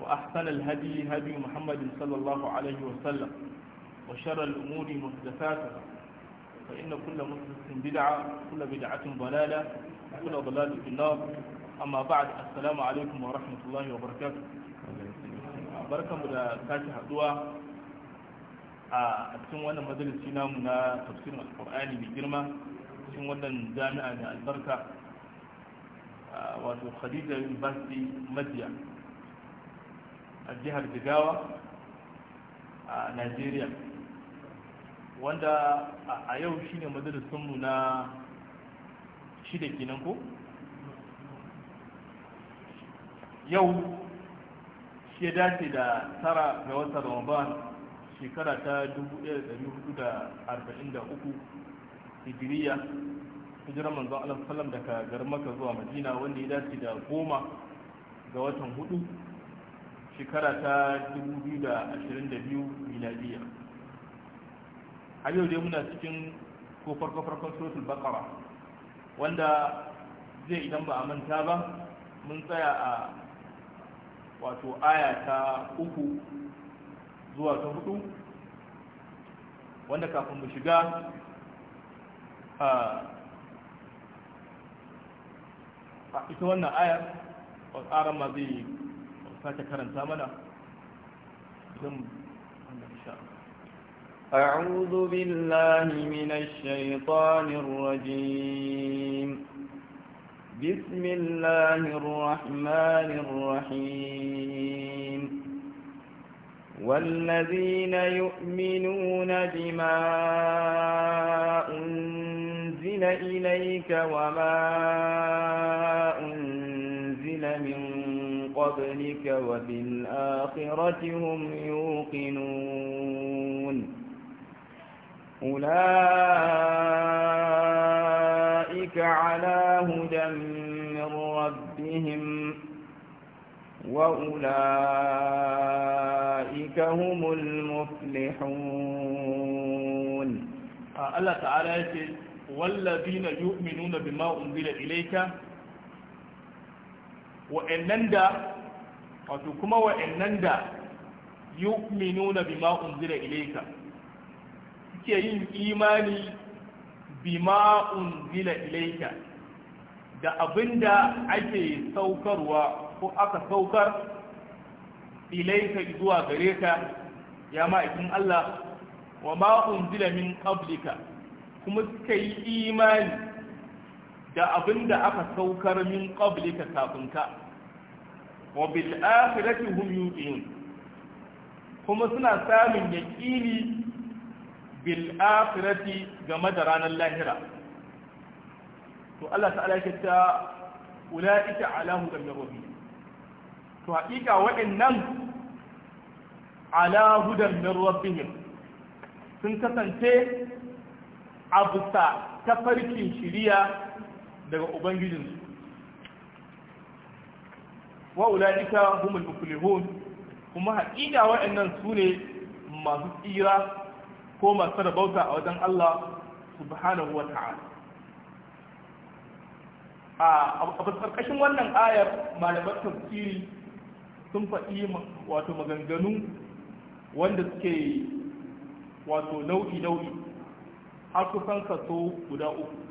وأحسن الهدي هدي محمد صلى الله عليه وسلم وشر الأمور محدثاتها فإن كل محدث بدعة كل بدعة ضلالة كل ضلالة في النار أما بعد السلام عليكم ورحمة الله وبركاته بركة آه، من فاتحة الدواء a cikin wannan majalisi namu na tafsirin alkur'ani mai girma cikin wannan jami'a mai albarka wato khadija a jihar jigawa a nigeria wanda a yau shine mu na shida kenan ko yau shi ya dace da tara ga watan ramadan shekara ta 1443 hijiriya hijirar manzo Allah sallam daga garin maka zuwa Madina wanda ya dace da goma ga watan hudu shekara ta 2022 miladiya har yau dai muna cikin ko farko farkon suratul wanda zai idan ba a manta ba mun tsaya a wato aya ta uku zuwa ta hudu wanda kafin mu shiga a ita wannan ayar tsarin ma zai sake karanta mana don أعوذ بالله من الشيطان الرجيم بسم الله الرحمن الرحيم والذين يؤمنون بما أنزل إليك وما أنزل من قبلك وبالآخرة هم يوقنون أولئك على هدى من ربهم وأولئك هم المفلحون آه، الله تعالى يقول والذين يؤمنون بما أنزل إليك wa'annan da wato kuma wa'annan da na bima unzila ilayka suke yin imani bima unzila ilayka da abinda ake saukarwa ko aka saukar ilaika zuwa gare ka ya ma'aikin Allah wa ma unzila min qablika kuma suka yi imani da abinda aka saukar min qablika kafin ka wa bil akhirati hum yuqinun kuma suna samun yaqini bil akhirati game da ranar lahira to Allah ta'ala ya ta ulaika ala hudan min rabbihim to haƙiƙa waɗannan ala hudan min rabbihim sun kasance abusa ta farkin shiriya daga ubangijinsu wa ulaika humul muflihun kuma hakika waɗannan su ne masu tsira ko masu rabauta a wajen Allah subhanahu wa ta'ala a ƙarƙashin wannan ayar malamar tafsiri sun faɗi wato maganganu wanda suke wato nau'i nau'i har kusan kaso guda uku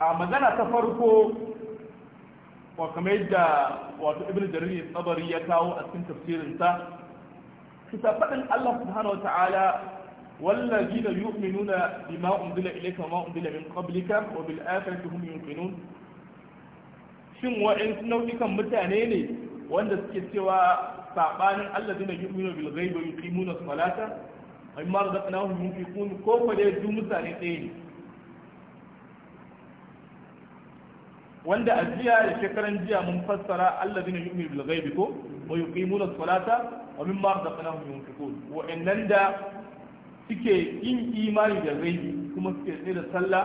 a magana ta farko wa kamar yadda wato ibn jarir tsabari ya kawo a cikin tafsirinsa kusa faɗin Allah subhanahu wa ta'ala والذين يؤمنون بما أنزل إليك وما أنزل من قبلك وبالآخرة هم يوقنون shin wa'in nau'ikan mutane ne wanda suke cewa saɓanin Allah sabanin allazina yu'minu bil ghaibi yuqimuna as-salata amma razaqnahum yunfiqun ko fa dai duk mutane ɗaya ne wanda a jiya da shekaran jiya mun fassara allazina yu'minu bil ghaibi ko wa yuqimuna as-salata wa mimma razaqnahum yunfiqun wa innan da suke yin imani da ghaibi kuma suke tsaye da sallah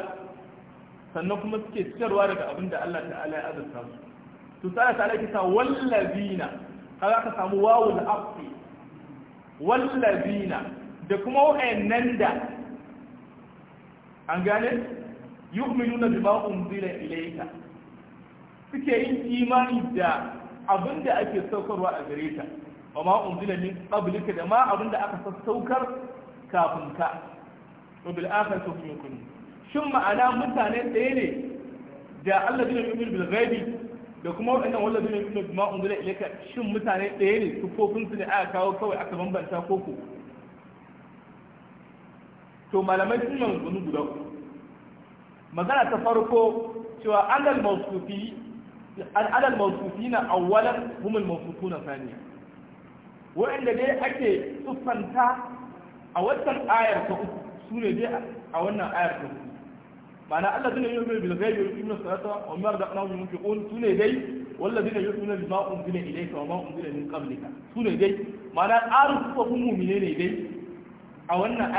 sannan kuma suke cikarwa daga abin da Allah ta'ala ya azurta su to sai ta'ala ke sa wallazina kaga ka samu wawul aqfi wallazina da kuma wa'annan da an gane yu'minuna bima unzila ilayka suke yin imani da abin da ake saukarwa a gare ta wa ma unzila min qablika da ma abin da aka sassaukar kafin ka wa bil akhirati hum yuqinun shin ma'ana mutane ɗaya ne da Allah zai yi bil ghaibi da kuma waɗannan wallah zai yi bil ma unzila ilayka shin mutane ɗaya ne sufofin su ne aka kawo kawai aka bambanta koko to malamai sun yi maganganu guda uku magana ta farko cewa annal mawsufi al'adar mawsufina awwalan dai ake siffanta a wannan ayar ta dai a wannan ayar ta Allah zai yi mai bilgai da yuqimuna salata wa mimma razaqnahum yunfiqun su ne dai walladina yu'minuna bima unzila ilayka wa ma unzila min qablika su dai a wannan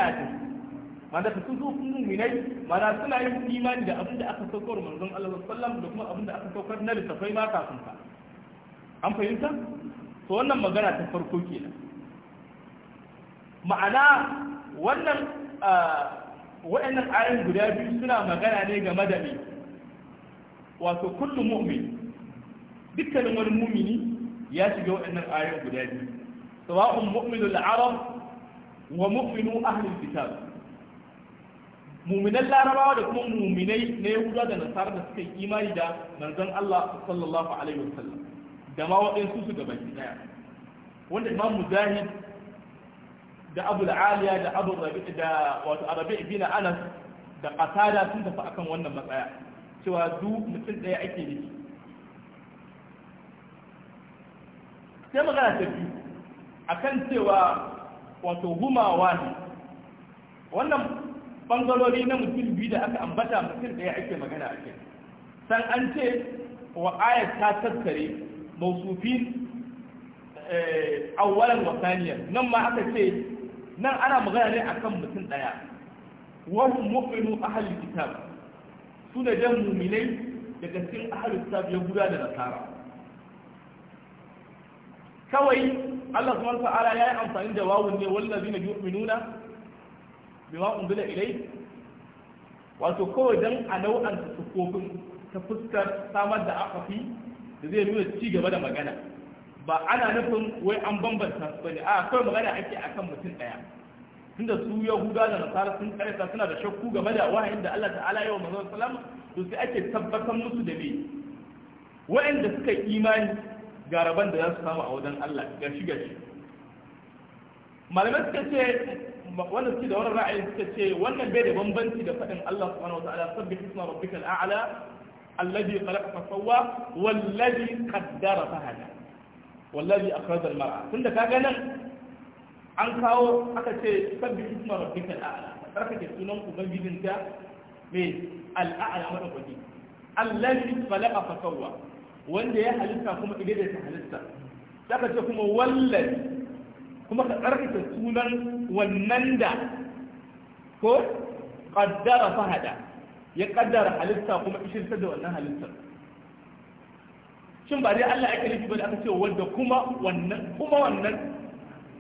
mana ta su su muminai mana suna yin imani da abin da aka saukar manzon Allah sallam da kuma abin da aka saukar na littafai ma kafin ka an fahimta to wannan magana ta farko kenan ma'ana wannan wa'annan ayoyin guda biyu suna magana ne game da me wato kullum mu'min dukkanin wani mumini ya shiga wa'annan ayoyin guda biyu sawa'un mu'minul arab wa mu'minu ahlul kitab muminan larabawa da kuma muminai na yahuda da nasara da suka yi imani da manzon Allah sallallahu alaihi wasallam da ma waɗansu su gaba daya wanda imam Muzahid da abul aliya da abu rabi da wato arabi ibn anas da qatada sun tafi akan wannan matsaya cewa du mutum daya ake nufi sai magana ta biyu akan cewa wato huma wani wannan bangarori na mutum biyu da aka ambata mutum ɗaya ake magana ake, san an ce wa ayat ta tattare mausufin eh, awwalan wa nan ma aka ce nan ana magana ne akan mutum ɗaya wa hum mu'minu ahlul kitab su da jan mu'minai daga cikin ahlul kitab ya guda da nasara kawai Allah subhanahu wa ta'ala ya yi amfani da wawun ne wallazina yu'minuna bima unzila ilai wato kawai dan a nau'an sufofin ta fuskar samar da akafi da zai nuna ci gaba da magana ba ana nufin wai an bambanta su bane a kawai magana ake akan mutum daya tunda su yahuda da nasara sun karanta suna da shakku game da wahayin da Allah ta'ala yau manzo sallam to sai ake tabbatar musu da me wa'anda suka imani ga rabon da za su samu a wajen Allah gashi gashi malamai suka ce wanda suke da wannan ra'ayin suka ce wannan bai da bambanci da faɗin Allah subhanahu wa ta'ala sabbi hisma rabbika al'ala alladhi khalaqa fa sawwa wallazi qaddara fa hada wallazi akhraja al-mar'a tunda kaga nan an kawo aka ce sabbi hisma rabbika al'ala barkake sunan mai al'ala madaukaki allazi khalaqa fa sawwa wanda ya halitta kuma idan da ta halitta saka ce kuma wallazi kuma ka tsarkake sunan wannan da ko ƙaddara fahada ya ƙaddara halitta kuma ishirtar da wannan halittar shin ba dai Allah ake nufi ba da aka ce wanda kuma wannan kuma wannan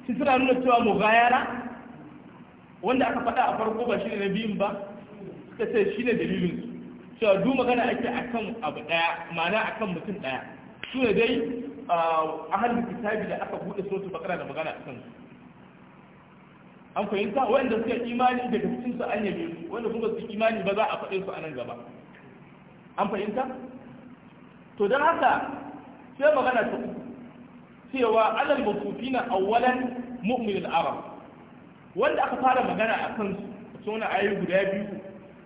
shi suna nuna cewa mu gayara wanda aka faɗa a farko ba shine na biyun ba suka ce shi ne dalilin su cewa duk magana ake akan abu ɗaya ma'ana akan mutum ɗaya su ne dai ahalin kitabi da aka buɗe su bakara da magana a kansu an fahimta wanda suka imani daga cikin su an yabe su wanda kuma su imani ba za a faɗe su a nan gaba an fahimta to don haka sai magana ta uku cewa alal mutufina na mu'min al-arab wanda aka fara magana a kansu suna ayi guda biyu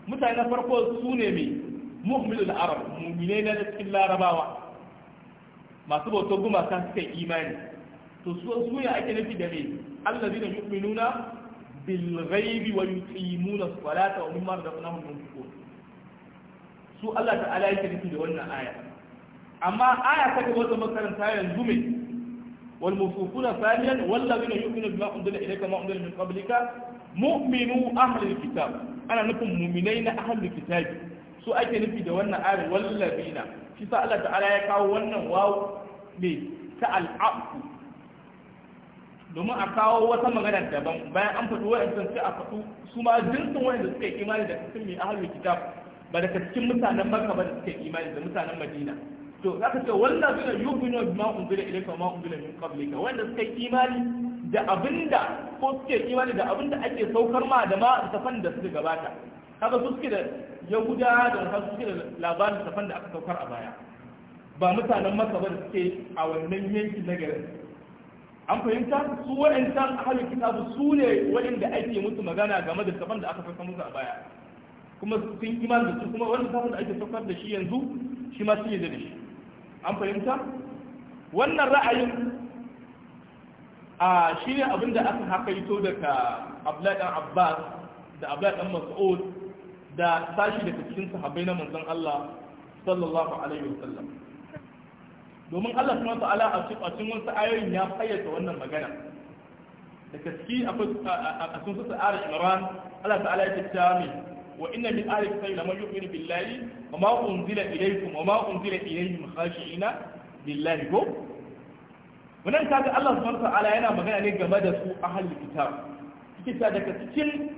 mutane farko su ne mai mu'min al-arab mu'minai na cikin larabawa masu bautar gumaka suka yi imani to su ya ake nufi da ne Allah zina yu'minuna bil ghaibi wa su salata wa mimma razaqnahum yunfiqun su Allah ta'ala yake nufi da wannan aya amma aya ta gaba da makaranta yanzu mai والموفوقون ثانيا والذين يؤمنون بما أنزل إليك وما أنزل من قبلك مؤمنو أهل الكتاب أنا نكون مؤمنين أهل الكتاب سو أكي نفي دوانا آل والذين shi sa Allah ta'ala ya kawo wannan wawo ne ta al'abku domin a kawo wata magana daban bayan an faɗi wa'ancan sai a faɗu su ma jinsin wa'anda suka yi imani da cikin mai ahalul kitab ba daga cikin mutanen makka ba da suka yi imani da mutanen madina to za ka ce wanda suna yubinu bi ma unzila ilayka wa ma unzila min qablika wanda suka yi imani da abinda ko suke imani da abinda ake saukar ma da ma tafan da su gabata kaga su suke da guda da wasu suke da labarin safan da aka saukar a baya ba mutanen masa ba da suke a wannan yankin na garin an fahimta su waɗancan ahalin kitabu su ne waɗanda ake musu magana game da safan da aka saukar musu a baya kuma sun iman da su kuma wannan safan da ake saukar da shi yanzu shi ma su da shi an fahimta wannan ra'ayin a shi ne abin da aka haƙaito daga abdullahi daga abbas da dan mas'ud da sashi daga cikin sahabbai na manzon Allah sallallahu alaihi wasallam domin Allah subhanahu wa ta'ala a cikin wasu ayoyin ya fayyace wannan magana da gaske a sun sassa ara imran Allah ta'ala ya tattara min wa inna min ali sai la man billahi wa ma unzila ilaykum wa ma unzila ilayhim khashi'ina billahi wannan kaga Allah subhanahu wa ta'ala yana magana ne game da su ahli kitab kike ta daga cikin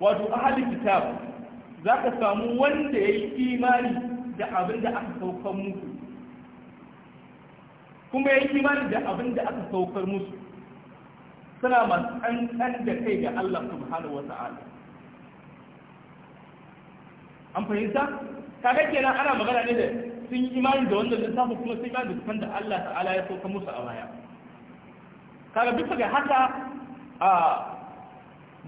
wato ahli kitab za ka samu wanda ya yi imani da abin da aka saukar musu kuma ya yi imani da abin da aka saukar musu suna masu ɗanɗan da kai ga Allah subhanahu wa ta'ala an fahimta kaga kenan ana magana ne da sun yi imani da wanda samu kuma sun imani da kan da Allah ta'ala ya sauka musu a baya kaga bisa ga haka a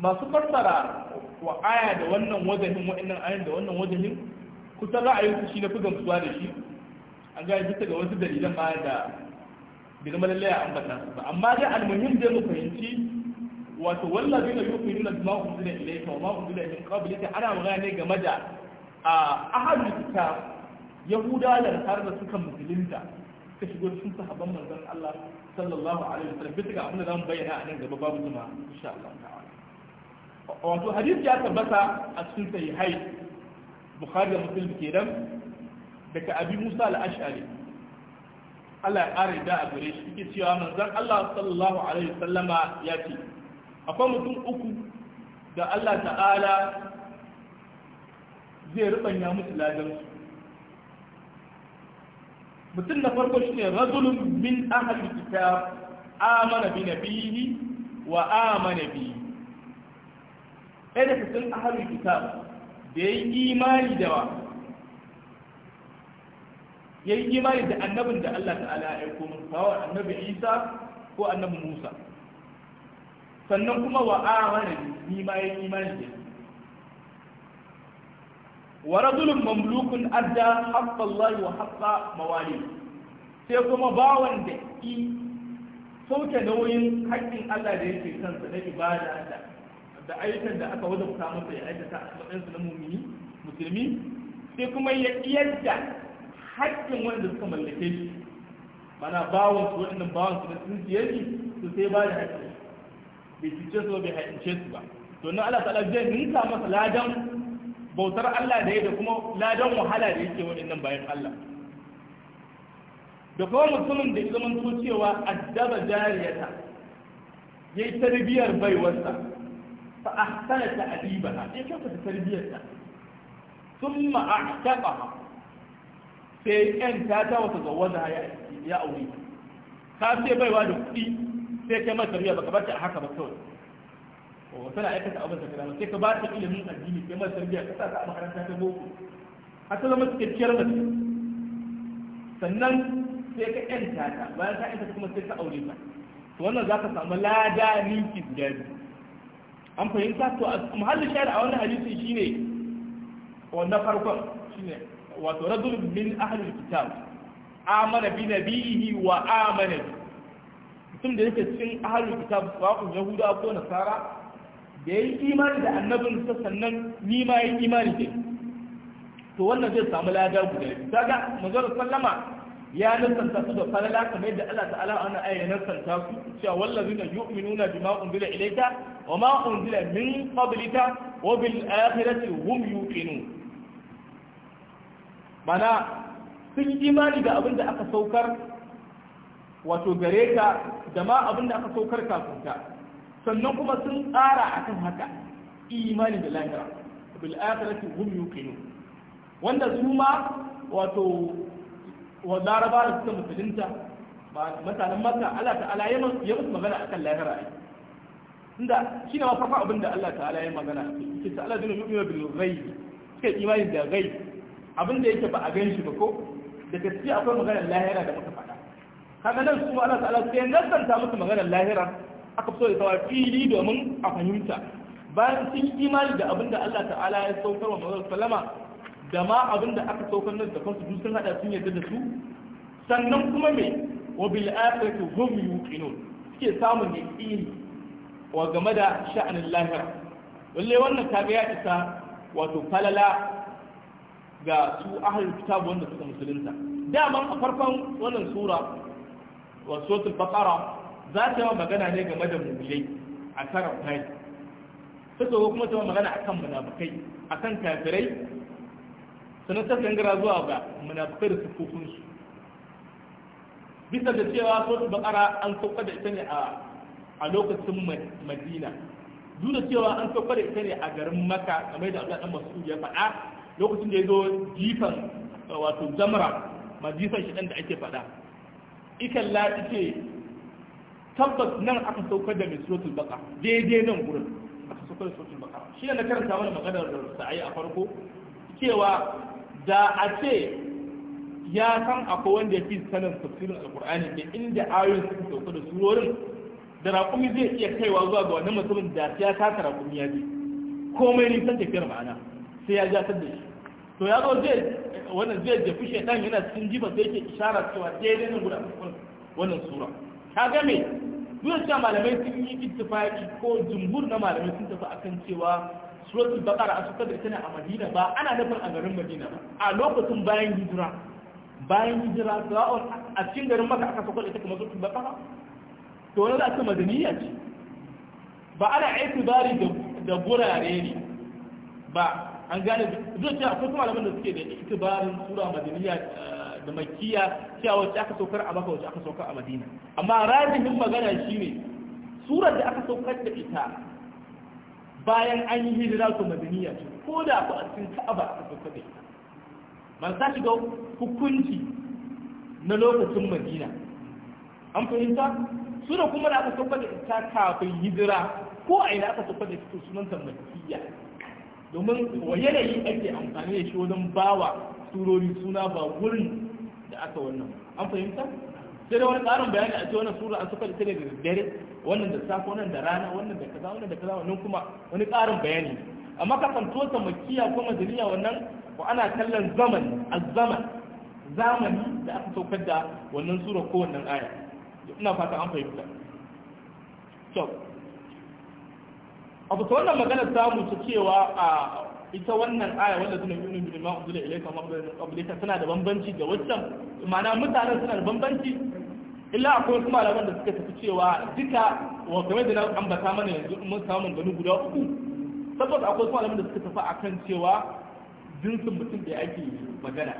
masu fassara wa aya da wannan wazanin wa'annan ayan da wannan wajahin kusan ra'ayin shi na fi gamsuwa da shi an gaya bisa ga wasu dalilan ma da bi zama lallai a ambata su ba amma dai almuhim dai mu fahimci wato wallahi na yuku yuna ma unzila ilayka wa ma unzila min qablika ana magana ne game da a ahadul kitab yahuda da har da suka musulunta suka shigo cikin sahabban manzon Allah sallallahu alaihi wasallam bisa ga abin da zamu bayyana a nan gaba babu zuma insha Allah ta'ala wato hadisi ya tabbata a cikin sahihai bukhari da muslim kenan daga abi musa al-ash'ari Allah ya ƙara da a gare shi yake cewa manzon Allah sallallahu alaihi wasallama ya ce akwai mutum uku da Allah ta'ala zai rubanya musu ladan mutum na farko shine rajulun min ahli kitab amana bi nabiyhi wa amana bihi ɗaya daga cikin ahalul kitab da ya yi imani da wa ya yi imani da annabin da Allah ta'ala ya aiko mun kawo annabi Isa ko annabi Musa sannan kuma wa amana ni ma ya yi imani da wa rajulun mamlukun adda haqqa Allah wa haqqa mawali sai kuma bawan da i sauke nauyin haƙƙin Allah da yake kansa na ibada da da ayyukan da aka wajabta masa ya aikata a matsayin na mumini musulmi sai kuma ya yadda haƙƙin wanda suka mallake shi mana bawon su waɗannan bawon su na sun siye shi su sai ba da haƙƙi bai cuce su bai haƙƙince su ba to na Allah ta'ala zai ninka masa ladan bautar Allah da ya da kuma ladan wahala da yake waɗannan bayan Allah da kuma mutumin da ya zama cewa addaba jariyata yayi tarbiyar baiwarsa fa ahsana ta'dibaha sai ka ta tarbiyarta thumma ahtaqaha sai yan ta ta wata zawaza ya ya aure ka sai baiwa da kuɗi sai kai mata tarbiyya baka bata haka ba kawai ko tana aikata abin da kana sai ka ba ta ilimin addini sai mata tarbiyya ka sa ta makaranta ta boko har ta zama cikakkiyar mace sannan sai ka yanta ta bayan ka yanta kuma sai ka aure ta to wannan za ka samu lada ninki guda an fahimta to muhallin shari'a a wannan hadisin shine wannan farkon shine wato rajul min ahlul kitab amana bi nabihi wa amana mutum da yake cikin ahalin kitab ba ku yahuda ko nasara da yi imani da annabin sa sannan ni ma imani to wannan zai samu lada guda biyu kaga sallama ya nasanta su da falala kamar yadda Allah ta'ala ana aya nasanta su cewa wallazina yu'minuna bima unzila ilayka wa ma unzila min qablika wa bil akhirati hum yuqinun mana sun yi imani da abinda aka saukar wato gare ka da ma abinda aka saukar kafin ka sannan kuma sun tsara akan haka imani da lahira bil akhirati hum yuqinun wanda su ma wato wa laraba da suka musulunta ba mutanen maka Allah ta'ala ya musu magana akan lahira ai tunda shine ma farko abin da Allah ta'ala ya magana ke ta Allah dinu yu'minu bil ghaib suka imani da ghaib abin da yake ba a gan shi ba ko da gaskiya akwai maganar lahira da muka faɗa kaga nan su Allah ta'ala sai nasanta musu maganar lahira aka fito da tawa fili domin a fahimta bayan sun imani da abin da Allah ta'ala ya saukar wa manzon sallama da ma abin da aka saukar na da kansu sun hada sun yadda da su sannan kuma me Wabil bil akhirati hum yuqinun suke samun yaqini wa game da sha'anin lahira lalle wannan kaga ya isa wato falala ga su ahlul kitab wanda suka musulunta daman a farkon wannan sura wa suratul baqara za ta yi magana ne game da mu'minai a karan kai sai kuma ta magana akan munafikai akan kafirai sannan ta gangara zuwa ga munafikai da su. bisa da cewa suratul bakara an sauka da ita ne a lokacin madina duk da cewa an sauka da ita ne a garin maka kamar da abdullahi masu ya faɗa lokacin da ya zo jifan wato jamra jifan shi da ake faɗa ikalla ce tabbas nan aka saukar da mai suratul baka, daidai nan gurin aka saukar da suratul baka. shi ne na karanta mana maganar da sa'ayi a farko cewa da a ce ya san akwai wanda ya fi sanin tafsirin alkur'ani ne inda ayoyin suka sauka da surorin da raƙumi zai iya kaiwa zuwa ga wannan mutumin da ya kasa raƙumi ya bi komai nisan tafiyar ma'ana sai ya ja da shi to ya zo zai wannan zai jafi shaitan yana cikin jifa sai yake isharar cewa daidai nan guda wannan sura ka ga me duk da malamai sun yi ittifaqi ko jumhur na malamai sun tafi akan cewa suratul baqara a suka da ita ne a madina ba ana nufin a garin madina ba a lokacin bayan hijira bayan hijira sa'on a cikin garin maka aka sako da ita kuma suratul baqara to wani za ta madaniya ce ba ana aiki bari da gurare ne ba an gane zai ce akwai kuma alamun da suke da ita barin sura madaniya eh, da makiya cewa wacce aka saukar a maka wacce aka saukar a madina amma rajin magana shine surar da aka saukar da ita bayan an yi hijira su madaniya ce ko da ku a cikin ka'aba a kuɗe man sa shiga hukunci na lokacin madina an fahimta su da kuma da aka da ita kafin hijira ko a ina aka da ita sunanta madaniya domin wa yanayi ake amfani da shi wajen bawa turori suna ba wurin da aka wannan an fahimta sai dai wani tsarin bayani a ce wannan sura an suka ta da dare wannan da safe wannan da rana wannan da kaza wannan da kaza wannan kuma wani tsarin bayani amma ka to ta makiya ko madaniya wannan ko ana kallon zaman azzaman zamani da aka saukar da wannan sura ko wannan aya ina fata an fahimta to abu ta wannan magana mu ta cewa a ita wannan aya wanda suna yunin bin ma unzila ilayka ma qablika tana da bambanci da waccan ma'ana mutanen suna da bambanci illa akwai wasu malaman da suka tafi cewa duka wa game da na bata mana yanzu mun samu maganganu guda uku tabbas akwai wasu malaman da suka tafi akan cewa jinsin mutum da ake magana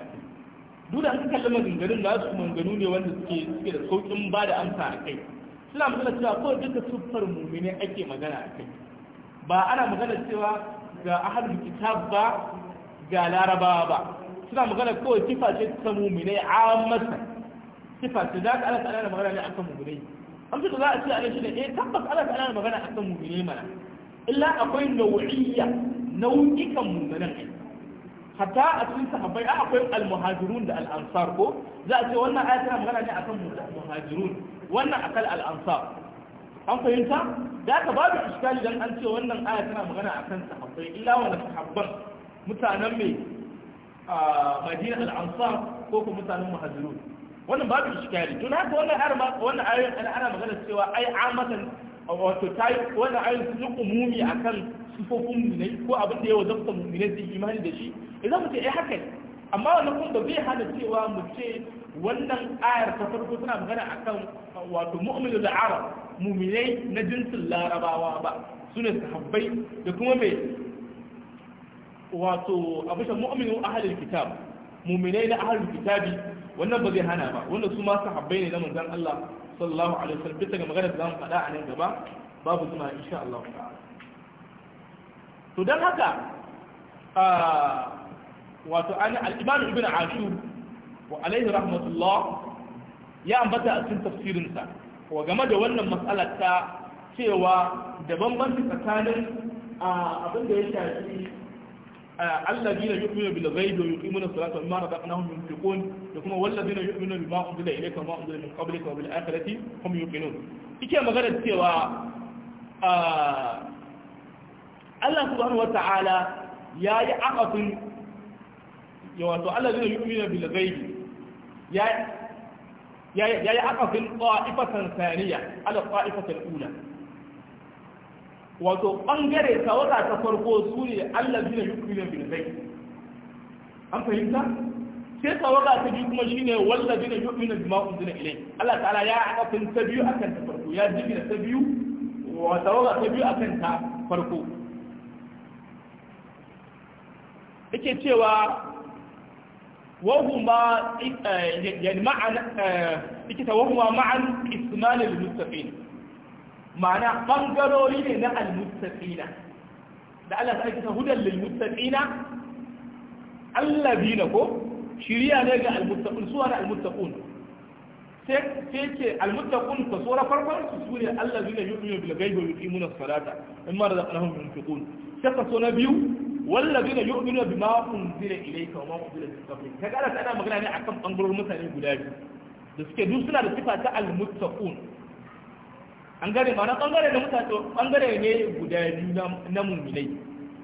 duk da an kalli maganganun na su maganganu ne wanda suke suke da saukin ba da amsa a kai suna magana cewa ko duka siffar mumini ake magana a kai ba ana magana cewa ga ahalul kitab ba ga larabawa ba suna magana kawai kifa ce ta mumini a masa sifa ce za ka Allah ta'ala na magana ne akan mu'minai amsa da za a ce a shi ne eh tabbas Allah ta'ala na magana akan mu'minai mana illa akwai nau'iyya nau'ikan mu'minan ai hatta a cikin sahabbai a akwai al da al ko za a ce wannan aya tana magana ne akan muhajirun wannan akal al an fahimta da ka ba babu iskali dan an ce wannan aya tana magana akan sahabbai illa wala sahabban mutanen mai ah, madina al ko kuma mutanen muhajirun wannan ba babu iskari tun haka wannan har ma wannan ayoyin ana ana magana cewa ai amatan wato tayi wannan ayoyin sun yi umumi akan sifofin mu'minai ko abin da ya wajabta mu'minai su imani da shi idan mutum ai haka amma wannan kun ba zai hana cewa mu ce wannan ayar ta farko tana magana akan wato mu'minul arab mu'minai na jinsin larabawa ba su ne sahabbai da kuma mai wato abushan mu'minu ahlul kitab mu'minai na ahlul kitabi wannan ba zai hana ba wanda su ma sahabbai ne na manzon Allah sallallahu alaihi wasallam bisa ga maganar da zamu faɗa a nan gaba babu suna insha Allah ta'ala to dan haka a wato an al-Imam Ibn Ashur wa alaihi rahmatullah ya ambata a cikin tafsirin sa wa game da wannan matsala ta cewa da bambanci tsakanin abin da ya shafi آه، الذين يؤمنون بالغيب ويقيمون الصلاة وما رزقناهم ينفقون لكم والذين يؤمنون بما أنزل إليك وما أنزل من قبلك وبالآخرة هم يوقنون إيكا مغرد سوى آه، الله سبحانه وتعالى يا يعقف يواتو الذين يؤمنون بالغيب يا يا يا عقص طائفة ثانية على الطائفة الأولى wato ɓangare tawaga ta farko su ne allah zina yukunan bilbai an fahimta sai tawaga ta biyu kuma shi ne walla zina yukunan bima unzila ilai allah ta'ala ya akafin ta biyu akan ta farko ya jimina ta biyu wa tawaga ta biyu akan ta farko yake cewa وهما يعني معا لكتا وهما معا اسمان للمتقين ma'ana ɓangarori ne na almuttaqina da Allah ta aikata hudan lil muttaqina allazina ko shiriya ne ga almuttaqun suwa na almuttaqun sai sai ce almuttaqun ka sura farkon su sune allazina yu'minu bil ghaibi wa yuqimuna as-salata imma razaqnahum yunfiqun sai ka so na biyu wallazina yu'minu bima unzila ilayka wa ma unzila min qablik kaga Allah ta magana ne akan bangarorin mutane guda biyu da suke duk suna da sifa ta almuttaqun an gane ma na bangare na mutane bangare ne guda biyu na muminai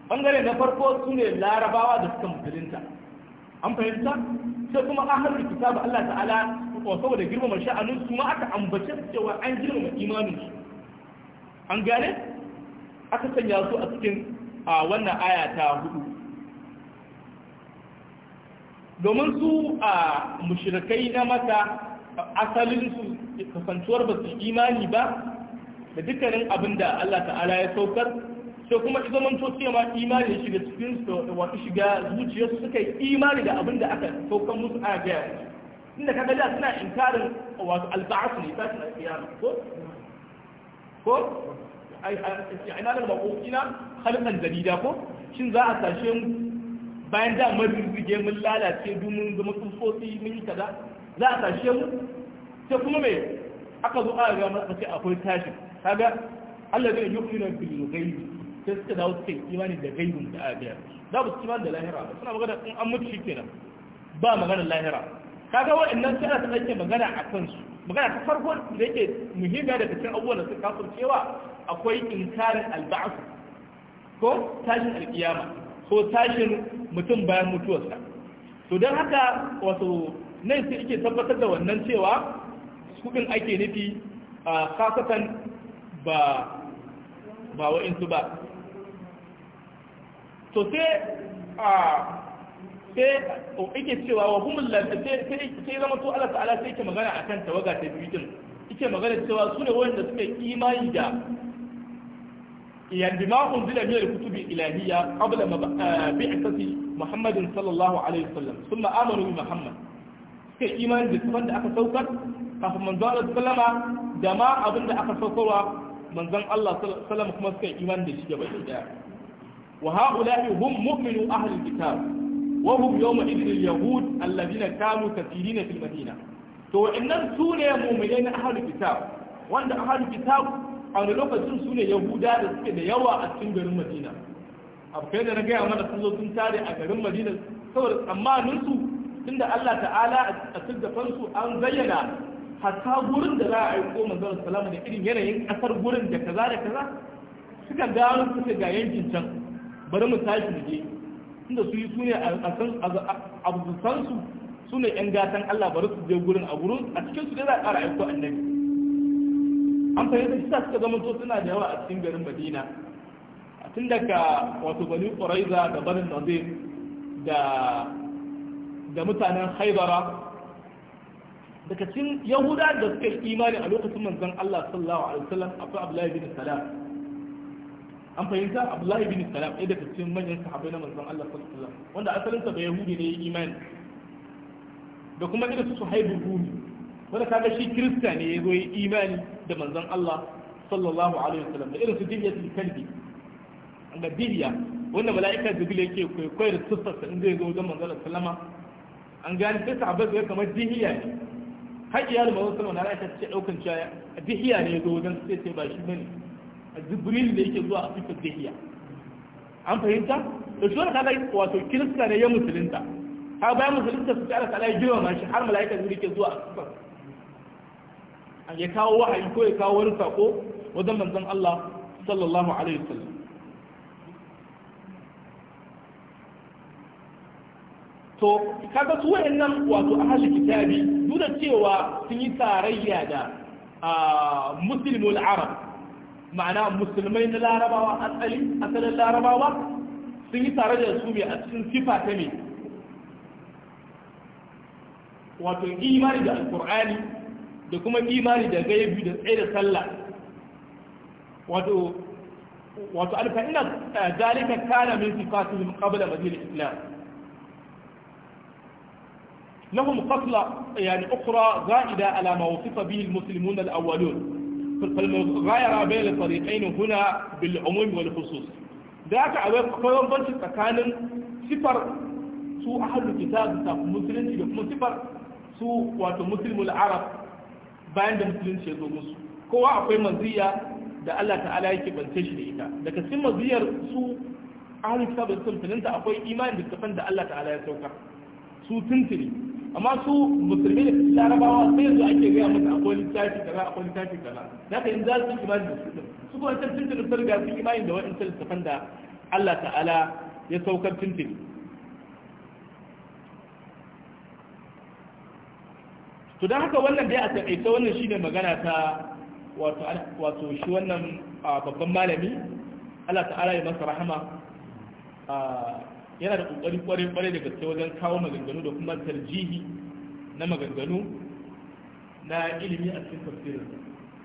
bangare na farko su ne larabawa da suka musulunta an fahimta sai kuma da kitabu Allah ta'ala saboda girmama sha'anin su ma aka ambace cewa an girmama imanin su an gane aka sanya su a cikin wannan ayata ta hudu domin su a mushrikai na mata asalin su kasantuwar ba su imani ba da dukkanin abin da Allah ta'ala ya saukar sai kuma ita manto cewa imani ya shiga cikin wasu shiga zuciyarsu suka yi imani da abin da aka saukar musu a gaya inda kaga da suna inkarin wato alba'atu ne ta tana kiyama ko ko ai ina da makokina halkan jarida ko shin za a sashe mu bayan da marirrige mun lalace domin zama tsotsotsi mun yi kaza za a sashe mu sai kuma me aka zo a ga masa akwai tashin kaga Allah zai yu'minu bil ghaib sai suka dawo suka imani da ghaibun da abiya za ba imani da lahira ba suna magana in an mutu shikenan ba magana lahira kaga waɗannan suna ta ɗauke magana a su, magana ta farko da yake muhimmiya daga cikin abubuwan da suka kafin cewa akwai inkarin alba'asu ko tashin alkiyama ko tashin mutum bayan mutuwarsa to don haka wato nan sai ike tabbatar da wannan cewa kudin ake nufi a kasatan ba ba wa'insu ba to sai a sai ike cewa wa humul sai sai, zama to Allah ta'ala sai yake magana akan tawaga ta biyu din yake magana cewa su ne wanda suke imani da yan bima unzila min al-kutubi ilahiyya qabla eh, bi'thati Muhammadin sallallahu alaihi wasallam thumma amanu bi Muhammad suka imani da tafan da aka saukar kafin manzo Allah sallama da ma abinda aka saukarwa manzon Allah sallallahu kuma suka iman da shi gaba daya wa haula'i hum mu'minu ahli kitab wa hum yawma idil yahud alladhina kanu kathirina fil madina to wa'annan sune mu'minai ahli kitab wanda ahli kitab a wani lokacin su ne yahuda da suke da yawa a cikin garin madina abokai da na gaya mana sun zo sun tare a garin madina saboda tsammaninsu inda allah ta'ala a cikin su an zayyana hatta gurin da za a yi aiko manzon salama da irin yanayin kasar gurin da kaza da kaza suka gano suka ga yankin can bari mu tashi mu je inda su yi sune a san su sune yan gatan Allah bari su je gurin a gurin a cikin su da za a ƙara aiko annabi an fahimta shi suka zama to suna da yawa a cikin garin Madina a tun daga wato Bani Quraiza da Bani Nadir da da mutanen Haibara daga cikin yahuda da suka yi imani a lokacin manzon Allah sallallahu alaihi wasallam akwai Abdullahi bin Salam an fahimta Abdullahi bin Salam ɗaya daga cikin manyan sahabbai na manzon Allah sallallahu alaihi wasallam wanda asalin sa bai yahudi ne ya yi imani da kuma irin su Suhaibu Rumi wanda kaga shi Kirista ne ya zo ya imani da manzon Allah sallallahu alaihi wasallam da irin su Dibiyatul Kalbi ga Dibiya wanda mala'ika Jibril yake kwaikwayar sifarsa inda ya zo wajen manzon Allah sallama an gani sai sahabbai kamar dihiya ne hajiya da mawar sama na aisha ta ce ɗaukan a dihiya ne zo wajen sai sai ba shi bane a jibril da yake zuwa a fitar dihiya an fahimta da shi wani kaga wato kirista ne ya musulunta har bayan musulunta su ta ala ya girma shi har mala'ika zuri ke zuwa a fitar ya kawo wahayi ko ya kawo wani sako wajen manzon Allah sallallahu alaihi wasallam to kaga su wayannan wato a hashe kitabi duk da cewa sun yi tarayya da muslimul arab ma'ana musulmai na larabawa asali asalin larabawa sun yi tare su mai a cikin sifa ta mai wato imani da alkur'ani da kuma imani da gaibi da tsaye da sallah wato wato alfa'ina eh, zalika kana min sifatihim qabla madinat islam لهم قتلى يعني أخرى زائدة على ما وصف به المسلمون الأولون فالغاية بين الطريقين هنا بالعموم والخصوص ذاك عويق قرم بلش كان سفر سو أحد الكتاب ساق مسلم شيء سفر سو وات مسلم العرب بعد المسلمين شيء دو مسلم كوا أقوي مزية دا الله تعالى يكي بنتش لئيكا دا كسي مزية سو أهل الكتاب السلم فننت أقوي إيمان بالتفن دا الله تعالى يسوكا سو تنتري amma su musulmi da su larabawa sai yanzu ake gaya musu akwai littafi kaza akwai littafi kaza za ka yanzu za su imani da su su kuma ta tuntun sun riga su imani da waɗansu littafan da Allah ta'ala ya saukar tuntun to don haka wannan dai a taƙaice wannan shine magana ta wato shi wannan babban malami Allah ta'ala ya masa rahama yana da kokari kware kwarai da gaske wajen kawo maganganu da kuma tarjihi na maganganu na ilimi a cikin tafsirin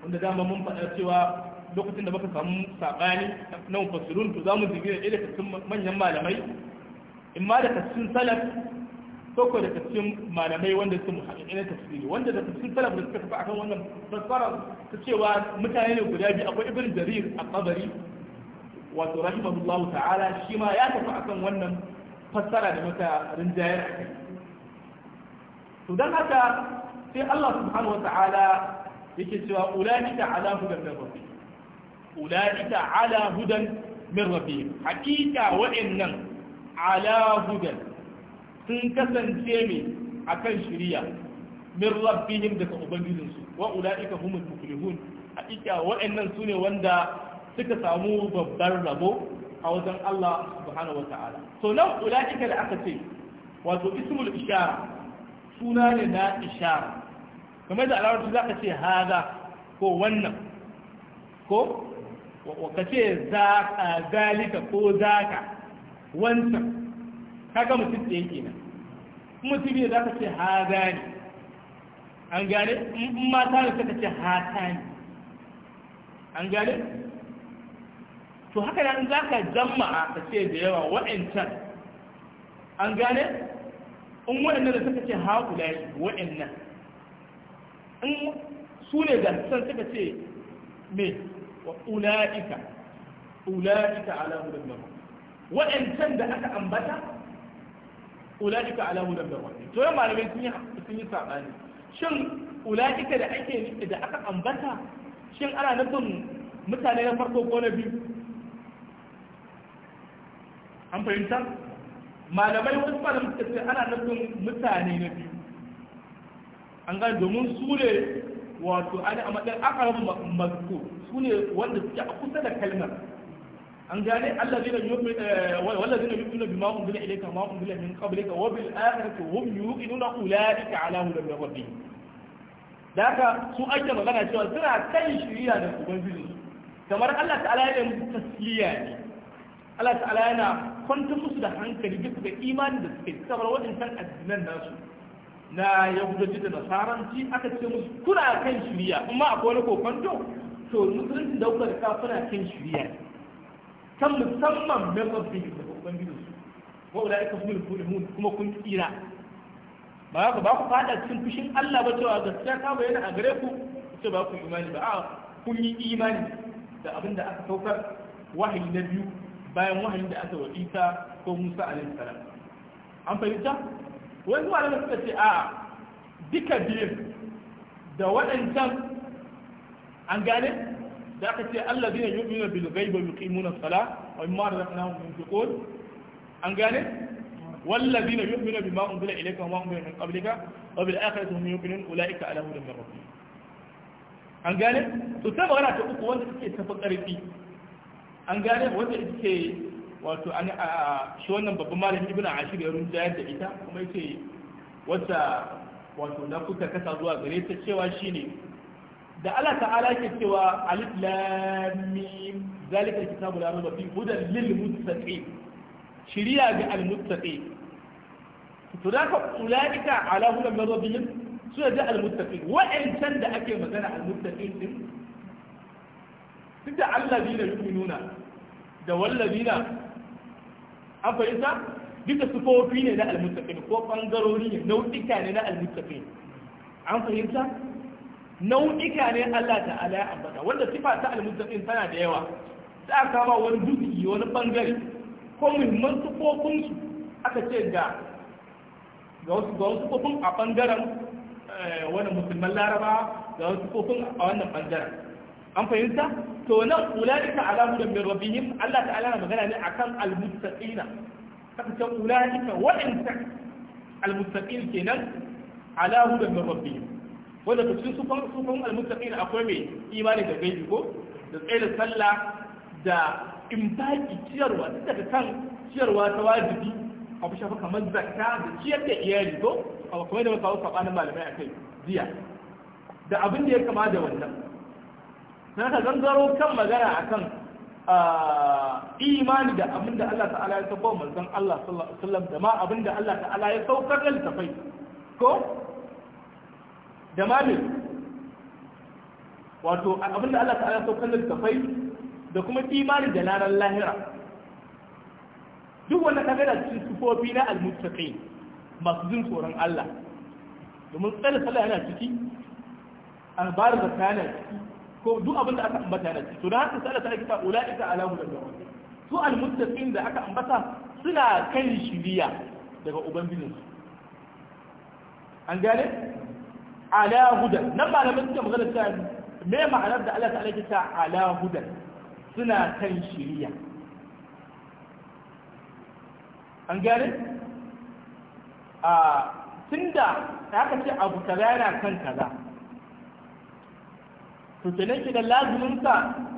wanda dama mun faɗa cewa lokacin da muka samu saɓani na mufassirun to za mu zigina ɗaya daga cikin manyan malamai in ma da cikin salaf ko da cikin malamai wanda su muhaƙiƙi na tafsiri wanda da cikin salaf da suka tafi akan wannan fassara ta cewa mutane ne guda biyu akwai ibn jarir a kabari wato rahimahullahu ta'ala shi ma ya tafi akan wannan fassara da muka rinjayar to dan haka sai Allah subhanahu wata'ala yake cewa ulaika ala hudan min rabbi ulaika ala hudan min rabbi hakika wa'annan ala hudan sun kasance mai akan shirya min rabbihim daga ubangijinsu wa ulaika humul muflihun hakika wa'annan sune wanda suka samu babbar rabo a wajen Allah subhanahu wata'ala to nan ula'ika da aka ce wato ismul ishara suna ne na ishara kamar da alawar za ka ce haza ko wannan ko ka ce zalika ko za ka, wancan kaga mutum da yake nan mutum ne za ka ce haza ne an gane mata ne suka ce hata ne an gane to haka nan za ka jamma ka ce da yawa wa'ancan an gane in wa'annan da suka ce da ya wa'annan in su ne da san suka ce me wa ula'ika ula'ika alamu da zama wa'ancan da aka ambata ula'ika alamu da zama to yi malamai sun yi saɓani shin ula'ika da ake da aka ambata shin ana nufin mutane na farko ko na biyu an fahimta malamai wasu malam suka ce ana nufin mutane na biyu an gane domin su ne wato ana a matsayin akarar masu su ne wanda suke a kusa da kalmar an gane Allah zai da yi tuna bima kun zina ilaika ma kun zina min qablika ka bil akhirati ka yuqinuna ulaika ala hudan min rabbihim da Da haka su ake magana cewa suna kan shiriya da ubangiji kamar Allah ta'ala ya yi tasliya ne Allah ta'ala yana kwanta musu da hankali duk da imanin da suke saboda kan addinan nasu na yahudanci da nasaranci aka ce musu kuna kan shiriya. amma akwai wani kokonto to musulunci da kuka da kafuna kan shirya kan musamman member biyu da babban biyu wa ula ika sumul kulihun kuma kun tsira ba ku ba ku fada cikin fushin Allah ba cewa gaskiya ka bayyana a gare ku ce ba ku imani ba a kun yi imani da abin da aka saukar wahayi na biyu bayan wahayin da aka wa ta ko musa alaihi salam an fahimta wani malama suka ce a duka biyun da waɗancan an gane da aka ce Allah zai yi nuna bil gaiba yi kimunan sala wa yi mara zafi namun min fiƙon an gane wallazi na yu'minu bima unzila ilayka wa ma unzila min qablika wa bil akhirati hum yuqinun ulaika ala hudan min rabbihim an gane to sai magana ta uku wanda take tafi ƙarfi an gane wanda ita ce wato an a shi wannan babban malam ibn ashir ya rinjayar da ita kuma yace wata wato na kuka kasa zuwa gare ta cewa shine da Allah ta'ala ke cewa alif lam mim zalika kitabu la raiba fi hudan lil muttaqin shiriya ga al muttaqin to da ka ulaika ala hudan min rabbihim su da al muttaqin wa'ancan da ake magana al muttaqin din duk da allazina yu'minuna da wallazina an fahimta duka sufofi ne na almuttaqin ko bangarori ne nau'ika ne na almuttaqin an fahimta nau'ika ne Allah ta'ala ya ambata wanda sifa ta almuttaqin tana da yawa sai aka kama wani dutse wani bangare ko muhimman sufofin su aka ce ga ga wasu ga wasu kofin a bangaren eh, wani musulman laraba ga wasu kofin a wannan bangaren an fahimta to nan ulaika ala hudan min rabbihim Allah ta'ala na magana ne akan almuttaqina kace ulaika al almuttaqin kenan ala da min rabbihim wanda to cikin sufan sufan almuttaqin akwai mai imani da gaibi ko da tsaye da sallah da infaki ciyarwa duk daga kan ciyarwa ta wajibi abu shafa kamar zakka da ciyar da iyali ko abu kamar da muka kawo sabanin malamai akai jiya da abin da ya kama da wannan na ka gangaro kan magana akan imani da abin da Allah ta'ala ya saukar manzon Allah sallallahu alaihi wasallam da ma abin da Allah ta'ala ya saukar da littafai ko da ma ne wato abin da Allah ta'ala ya saukar da littafai da kuma imani da ranar lahira duk wanda ka gada cikin sufofi na almuttaqin masu jin tsoron Allah domin tsare sallah yana ciki albar da yana ciki ko duk abin da aka ambata na to da haka sai ta kita ulaika ala hudan su almuttaqin da aka ambata suna kan shiriya daga ubangijin su an gane ala hudan nan ba da mutum magana ta me ma'anar da Allah ta'ala kita ala hudan suna kan shiriya an gane a ah, tunda da aka ce abu kaza yana kan kaza to sai nake da lazumin sa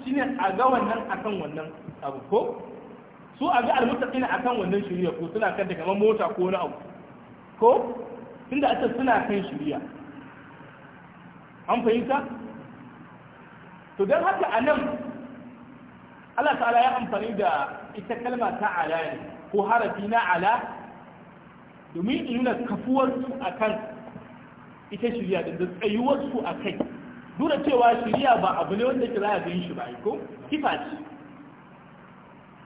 shine a ga wannan akan wannan abu ko su a ga almuttaqina akan wannan shiriya ko suna kan kamar mota ko wani abu ko tunda a suna kan shiriya an fahimta to don haka a nan Allah ta'ala ya amfani da ita kalma ta ala ne ko harafi na ala domin in nuna kafuwarsu su akan ita shirya da tsayuwar su akai dura cewa shirya ba abu ne wanda ke za a bin shi ba ko kifa ce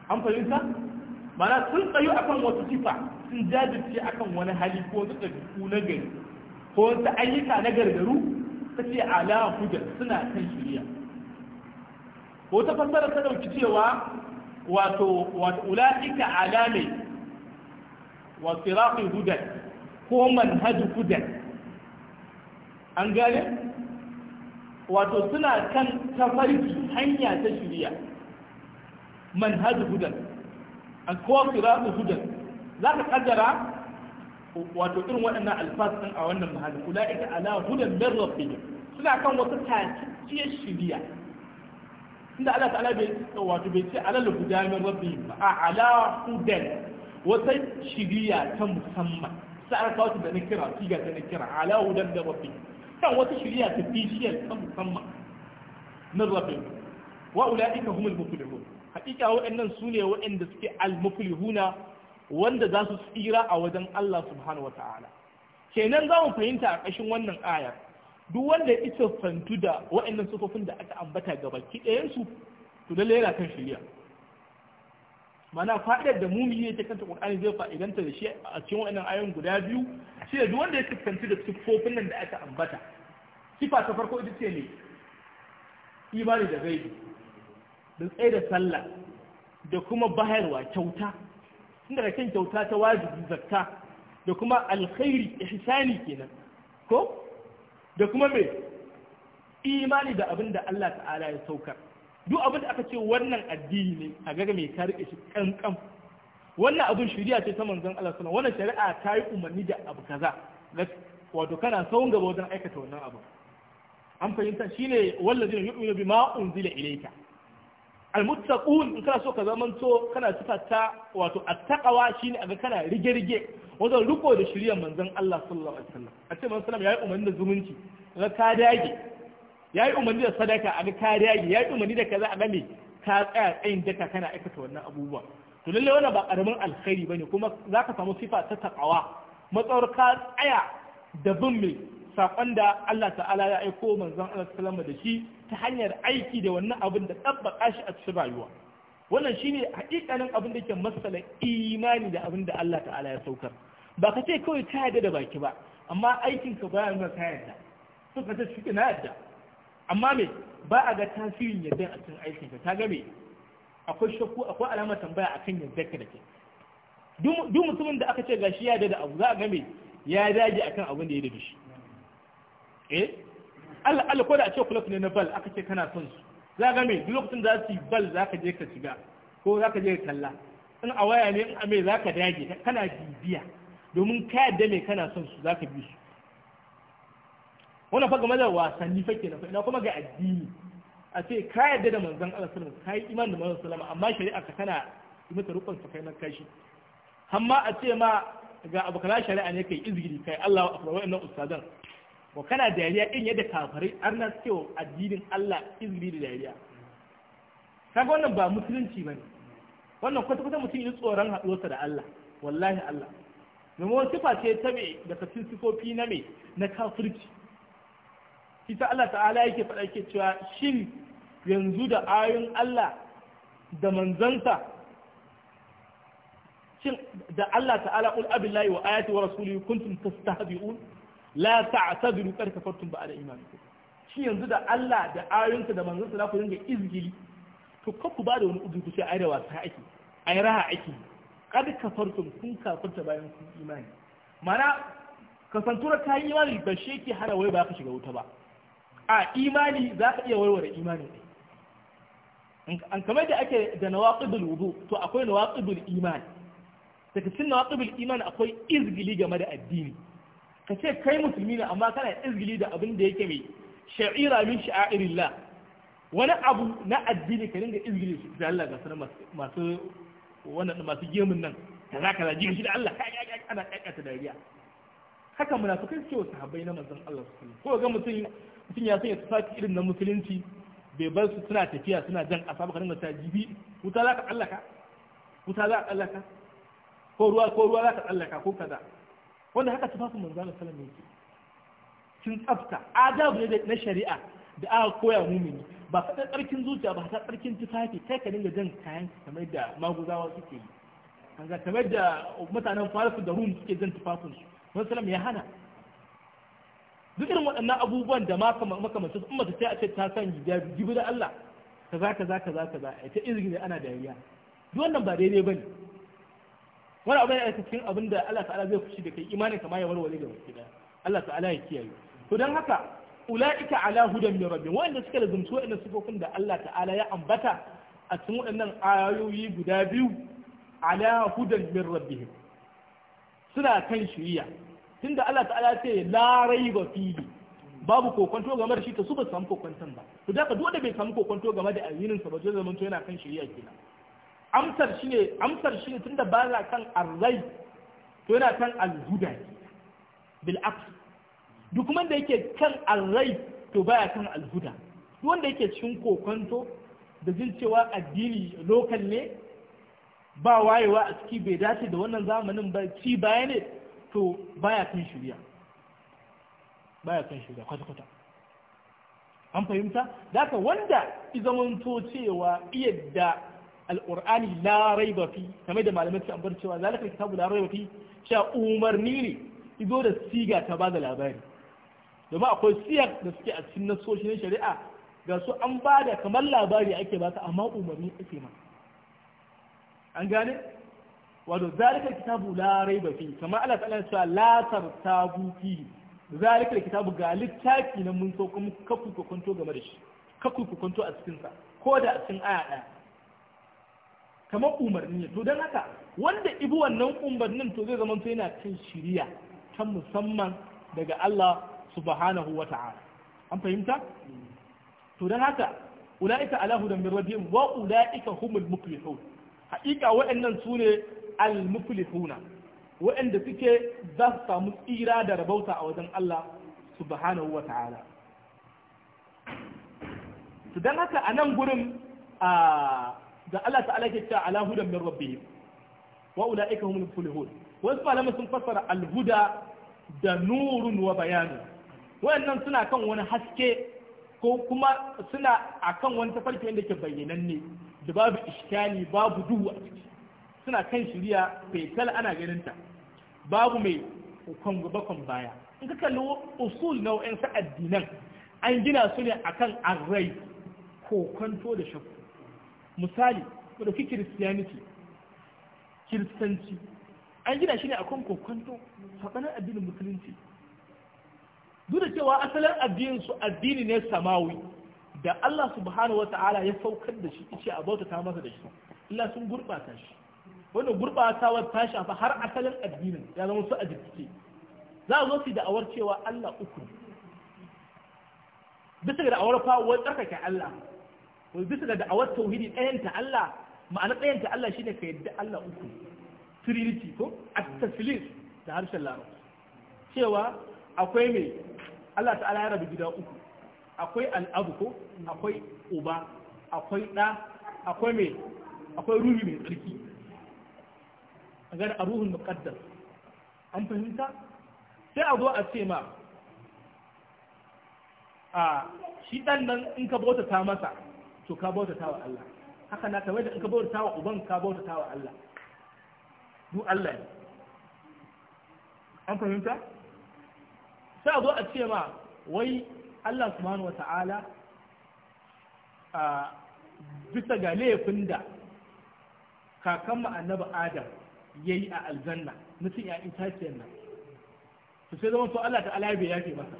an fahimta mana sun tsayo akan wasu kifa sun jajirce akan wani hali ko wasu ɗabi'u na gari ko wasu ayyuka na gargaru ta ce alama hujjar suna kan shirya ko ta fassara ta ɗauki cewa wato wato ula'ika alame ne wa siraqi hudar ko manhaj hudar an gane wato suna kan tafarki hanya ta shirya manhaj hudan an kowa siratu hudan za ka kaddara wato irin waɗannan alfas a wannan mahalli ula'ika ala hudan mai rabbihim suna kan wata tatacciyar shirya inda Allah ta'ala bai wato bai ce ala hudan min rabbihim ba a ala hudan wata shirya ta musamman sai aka kawo da na kira siga ta na kira ala hudan min rabbihim kan wata shirya ta fishiyar ta musamman na rabin wa ula'ika humul muflihun hakika waɗannan su ne waɗanda suke al-muflihuna wanda za su tsira a wajen Allah subhanahu wata'ala kenan za mu fahimta a ƙashin wannan aya duk wanda ya isa fantu da waɗannan sufofin da aka ambata gaba ki ɗayansu to lalle yana kan shirya mana fadar da mumi ne ta kanta qur'ani zai fa'idanta da shi a cikin wannan ayoyin guda biyu shi da duk wanda ya tsakanci da sifofin nan da aka ambata sifa ta farko ita ce ne imani da gaibi da tsaye da sallah da kuma bayarwa kyauta tun daga kan kyauta ta wajibi zakka da kuma alkhairi ihsani kenan ko da kuma me imani da abin da Allah ta'ala ya saukar duk abin da aka ce wannan addini ne a gaga mai ka rike shi kankan wannan abin shari'a ce ta manzon Allah sallallahu wannan shari'a ta yi umarni da abu kaza wato kana sauran gaba wajen aikata wannan abu an fahimta shine wallazina yu'minu bima unzila ilayka almuttaqun in kana so ka zamanto kana ta? wato attaqawa shine aga kana rige rige wajen riko da shari'ar manzon Allah sallallahu alaihi wasallam a ce manzon ya yi umarni da zumunci ka dage ya yi umarni da sadaka a kariya kariya ya yi umarni da kaza a ga ka tsaya tsayin daka kana aikata wannan abubuwa to lalle wannan ba karamin alkhairi bane kuma zaka samu sifa ta takawa matsawar ka tsaya da bin me saƙon da Allah ta'ala ya aiko manzon Allah sallama da shi ta hanyar aiki da wannan abin da tabbaka shi a cikin rayuwa wannan shine hakikanin abin da ke masala imani da abin da Allah ta'ala ya saukar ba ka ce kawai ka yarda da baki ba amma aikin ka bayan ka yarda suka ce shi na yarda amma me ba a ga tasirin yardan a cikin aikin ka ga me akwai shakku akwai alamar tambaya akan yardar ka da ke duk mutumin da aka ce gashi ya da abu za a ga me ya a akan abin da ya dade shi eh Allah Allah ko da a ce kulaf ne na bal aka ce kana son su za ga me duk lokacin da za su yi bal za ka je ka shiga ko za ka je ka kalla in a waya ne in a me za ka dage kana bibiya domin ka yadda me kana son su za ka bi su wannan fa game da wasanni fa na fa ina kuma ga addini a ce ka yadda da manzon Allah sallallahu alaihi iman da manzon sallama amma shari'a ka tana yi mata rukun sa kai na kashi amma a ce ma ga abu kala shari'a ne kai izgiri kai Allahu akbar wa'annan ustazan ko kana dariya in yadda kafirai arna suke wa addinin Allah izgiri da dariya kaga wannan ba musulunci bane wannan kwata kwata mutum yi tsoron haɗuwarsa da Allah wallahi Allah domin wani sifa ce ta mai daga cikin sifofi na me na kafirci ita Allah ta'ala yake faɗa yake cewa shin yanzu da ayoyin Allah da manzansa shin da Allah ta'ala qul abillahi wa ayati wa rasulihi kuntum tastahbi'un la ta'tadiru qad kafartum ba'da imanikum Shin yanzu da Allah da ayoyinsa da manzansa za ku dinga izgili to ko ku bada wani uzuri ku ce ai da wasa ake ai raha ake kad kafartum kun kafarta bayan kun imani mana kasantura ta yi imani ba shi yake hana wai ba ka shiga wuta ba a imani za ka iya warware imani ne an kamar da ake da nawaqidul wudu to akwai nawaqidul iman daga cikin nawaqidul iman akwai izgili game da addini ka ce kai musulmi ne amma kana izgili da abin da yake mai sha'ira min sha'irillah wani abu na addini ka dinga izgili shi da Allah ga sunan masu wannan masu gemun nan ka kaza ka jin shi da Allah ana ta dariya haka munafikai suke wa sahabbai na manzon Allah sallallahu alaihi wasallam ko ga mutum mutum ya sanya tufafi irin na musulunci bai bar su suna tafiya suna jan ƙasa ba ka dinga ta jibi wuta za ka tsallaka wuta za ka tsallaka ko ruwa ko ruwa za ka tsallaka ko kaza wanda haka su manzo Allah sallallahu alaihi wasallam sun tsafta adabu ne na shari'a da aka koya mumini ba ka tsarkin zuciya ba ta tsarkin tufafi kai ka dinga jan kayan kamar da maguzawa suke yi kamar da mutanen farisu da rum suke jan tufafinsu wani salam ya hana duk irin waɗannan abubuwan da ma makamantar in mace sai a ce ta san hijabi gibi da Allah kaza kaza kaza za a ta izini ana dariya duk wannan ba daidai bane wani abu ne a cikin abin da Allah ta'ala zai kushi da kai imanin ma ya warware da wasu daya Allah ta'ala ya kiyaye to dan haka ulaika ala hudan min rabbi wanda suka lazumci wa'annan sifofin da Allah ta'ala ya ambata a cikin waɗannan ayoyi guda biyu ala hudan min rabbihim suna kan shiriya tunda Allah ta'ala ce la raiba fihi babu kokonto game da shi ta su ba samu kokonton ba to da ka dole bai samu kokonto game da ayyinin sa ba zaman zama yana kan shari'a kina amsar shine amsar shine tunda ba za kan arzai to yana kan alhuda bil aqs duk wanda yake kan arzai to baya kan alhuda duk wanda yake cikin kokonto da jin cewa addini lokal ne ba wayewa a ciki bai dace da wannan zamanin ba ci baya ne to baya kan shirya baya kan shirya kwata-kwata an fahimta daga wanda izamanto cewa da al'ur'ani larai ba fi game da malamai an bar cewa zalika kitabu larai ba fi cewa umarni ne izo da siga ta ba da labari domin akwai siyar da suke a cikin nasoshi na shari'a ga su an ba da kamar labari ake ba ta amma umarni ake ma an gane wato zalikar kitabu la raiba fi kamar Allah ta'ala cewa la tartabu fi zalikar kitabu ga littafi na mun sauka muku kafu ku kwanto game da shi kafu ku kwanto a cikin sa ko da a cikin aya ɗaya kamar umarni ne to don haka wanda ibi wannan umarnin to zai zama to yana kan shiriya ta musamman daga Allah subhanahu wa ta'ala an fahimta to don haka ula'ika ala hudan min rabbihim wa ula'ika humul muflihun haƙiƙa waɗannan su ne al-muflihuna waɗanda suke za su samu tsira da rabauta a wajen Allah subhanahu wa ta'ala su don haka a nan gurin da Allah ta'ala ke cewa ala hudan min rabbihim wa ula'ika humul muflihun wasu malamai sun fassara alhuda da nurun wa bayanu wayannan suna kan wani haske ko kuma suna akan wani tafarki wanda ke bayyananne da babu iskani babu duhu a ciki suna kan shirya fetal ana ganinta babu mai kwangubakon baya in ka kalli usul wa'in sa addinan an gina su ne akan arrai kwanto da shakku misali ku dauki kiristiyaniti kiristanci an gina shi ne akan kokonto sabanin addinin musulunci duk da cewa asalin addinin su addini ne samawi da Allah subhanahu wata'ala ya saukar da shi ce a bauta ta masa da shi Allah sun gurbata shi wanda gurɓatawar ta shafa har asalin addinin ya zama su a jirkice za a zo su da'awar cewa Allah uku bisa ga da'awar fawowar tsarkake Allah bisa ga da'awar tauhidi ɗayanta Allah ma'ana ɗayanta Allah shine ka yadda Allah uku trinity ko at-taslim da harshen larabci cewa akwai mai Allah ta'ala ya rabu gida uku akwai al'abu ko akwai uba akwai ɗa akwai mai akwai ruhi mai tsarki a a ruhun muqaddas an fahimta sai a zo a ce ma a shi dan nan in ka bautata masa to ka bautata wa Allah haka na kamar da in ka bautata wa uban ka bautata wa Allah du Allah ne an fahimta sai a zo a ce ma wai Allah subhanahu wata'ala a bisa ga laifin da kakan annabi Adam ya yi a aljanna na cin ‘ya'yan itaciyar nan to sai zama to Allah ta ala bai yafe masa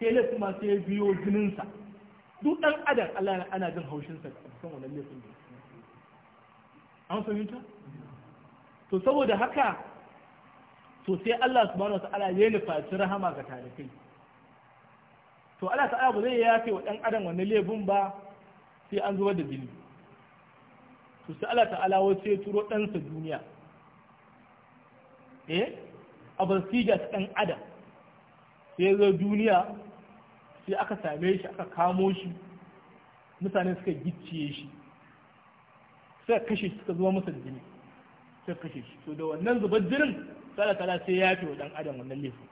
sai laifin kuma sai ya biyo jininsa duk ɗan adam Allah ana jin haushinsa a cikin wannan laifin ne an fahimta to saboda haka to sai Allah subhanahu wata'ala ya nufaci rahama ga talibai to Allah ta'ala ba zai yafe wa ɗan adam wannan laifin ba sai an zubar da jini to sai Allah ta'ala wasu ya turo ɗansa duniya eh a basija ɗan adam sai zo duniya sai aka same shi aka kamo shi mutane suka gicciye shi suka kashe suka zama masa jini suka kashe shi to da wannan zubar jinin sai Allah ta'ala sai ya fi wa ɗan adam wannan laifin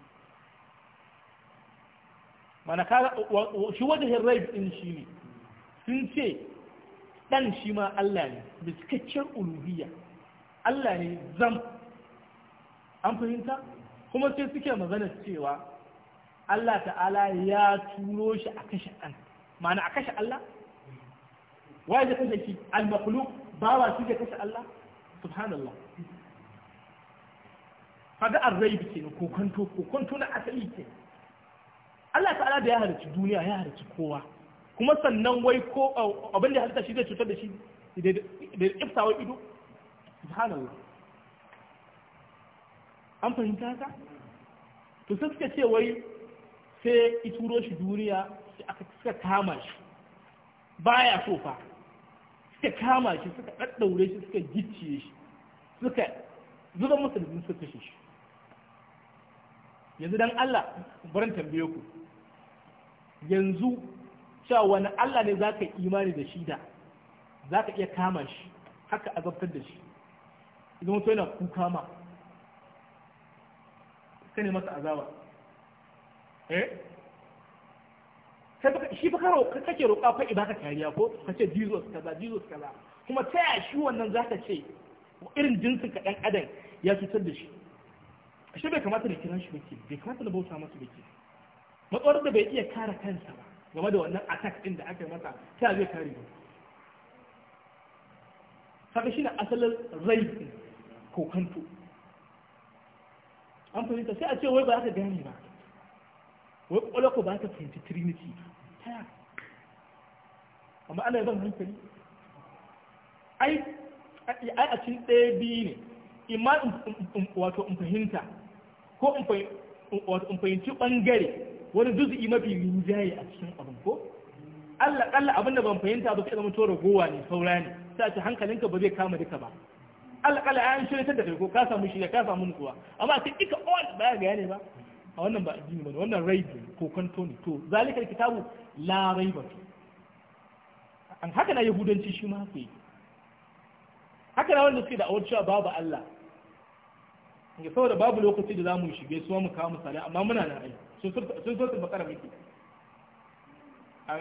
mana ka shi wajen rai ɗin shi ne sun ce ɗan shi ma Allah ne da uluhiyya Allah ne zam an fahimta kuma sai suke magana cewa Allah ta'ala ya turo shi a kashe ɗan ma'ana a kashe Allah waye da kashe shi al ba wa shi kashe Allah subhanallah kaga arraibi ne, kokonto kokonto na asali ke Allah ta'ala da ya halicci duniya ya halicci kowa kuma sannan wai ko abin da halitta shi zai cutar da shi da iftawa ido subhanallah an fahimta ka to sai suka ce wai sai ituro shi duniya shi aka suka kama shi baya so fa suka kama shi suka daddaure shi suka gicciye shi suka zuba masa da suka kashe shi yanzu dan Allah barin tambaye ku yanzu cewa wani Allah ne za ka imani da shi da za ka iya kama shi haka azabtar da shi idan mutum yana kuka ma ka ne masa azaba eh shi fa karo kake roƙa fa ka kariya ko ka ce Jesus kaza Jesus kaza kuma ta ya shi wannan za ka ce irin jinsin ka ɗan adam ya cutar da shi shi bai kamata da kiran shi ke? bai kamata da bauta masa ke? matsawar da bai iya kare kansa ba game da wannan attack din da aka masa ta zai kare ba kaga shi da asalin rai kanto an fahimta sai a ce wai ba za ka gane ba wai ƙwalako ba za ka fahimci trinity ta amma ana yi ban hankali ai a cikin ɗaya biyu ne imma wato in fahimta ko in fahimci ɓangare wani juz'i mafi rinjaye a cikin abin ko Allah kalla abin da ban fahimta ba sai zama to ragowa ne saura ne sai ta hankalinka ba zai kama duka ba Allah kalla ayan shirin da kai ko ka samu shirya ka samu nutsuwa amma sai duka all ba ga ne ba a wannan ba addini bane wannan raibi ko kanto ne to zalika kitabu la raiba an haka na yahudanci shi ma haka yi haka na wanda suke da awar cewa babu Allah saboda babu lokaci da za mu shige su mu kawo misali amma muna nan aiki sun so su miki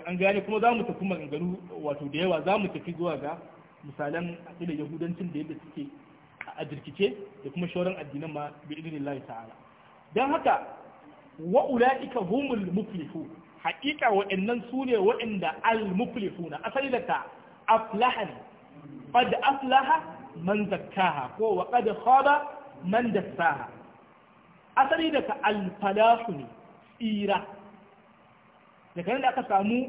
an gane kuma za mu tafi maganganu wato da yawa za mu tafi zuwa ga misalan aƙidar yahudancin da yadda suke a jirkice da kuma shauran addinan ma bi idinillahi ta'ala don haka wa ula'ika humul muflihu haƙiƙa waɗannan su ne waɗanda al muflihu na asali da ta aflahan qad aflaha man zakkaha ko wa qad khaba man dassaha asali da ta al falahu ne tsira daga nan da aka samu